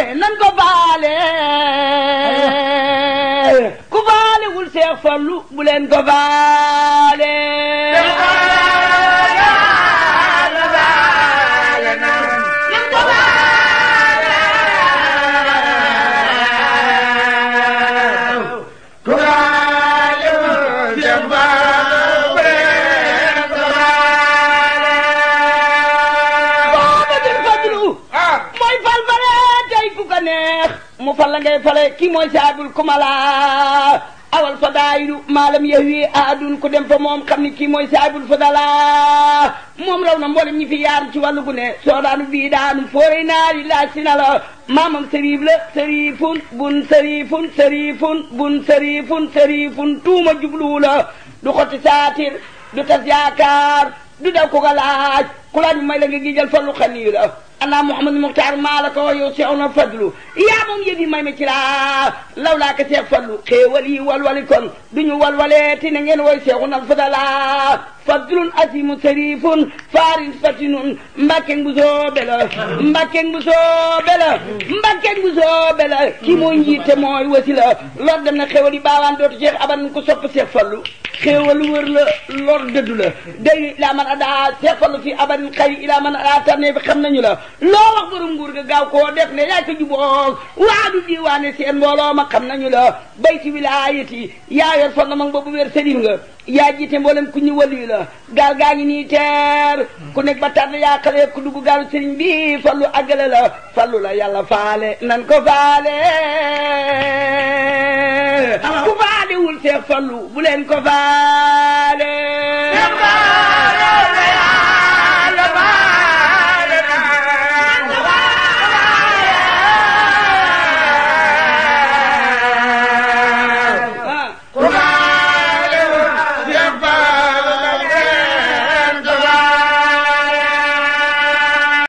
baale nan ko baale ku baalewul Seex Fallu bu leen ko baale la neex mu fal la ngay fale kii mooy saadul kumala awal fadaayilu maalam yahwi aadun ku dem fa moom xam ni kii mooy saadul fadala moom raw na mboolem ñi yaar ci wàllu gu ne soodaanu bii daanu fooree naari laaj si na la maamam sëriif la sëriifun bun sëriifun sëriifun bun sëriifun sëriifun tuuma jublu la du xotti saatir du tas yaakaar du daw ko ko ku laaj may la nga gijal fallu xaliila ana muhammad muxtaar maa la ko wax yow seexu na fadlu yaa moom yëf yi may ma ci laa law laa ko seex fallu xéewal yi walwali kon duñu walwalee ti na ngeen woy seexu na fadala fadlun asimu sarifun farin fatinun mbàkkeng bu soobe la mbàkkeng bu soobe la mbàkkeng bu soobe la ki mooy njiite mooy wasi la lor na xéewal yi baawaan dootu seex aban ko sopp seex fallu xéewal wër la lor dëddu la man adaa seex fallu fi aban min xëy ilaa man alaa tarne bi xam nañu la loo wax borom nguur ga gaaw koo def ne yaa ko juboog waadu diwaane seen mbooloo ma xam nañu la bayti wilaayati yaa yor fondement boobu wér sëriñ nga yaa jiite mboolem ku ñu waliyu la gaal gaa ngi nii teer ku nekk ba tànn yaa xale ku dugg gaalu sëriñ bi fallu àggale la fallu la yàlla faale nan ko faale ku faale wul see fallu bu leen ko faale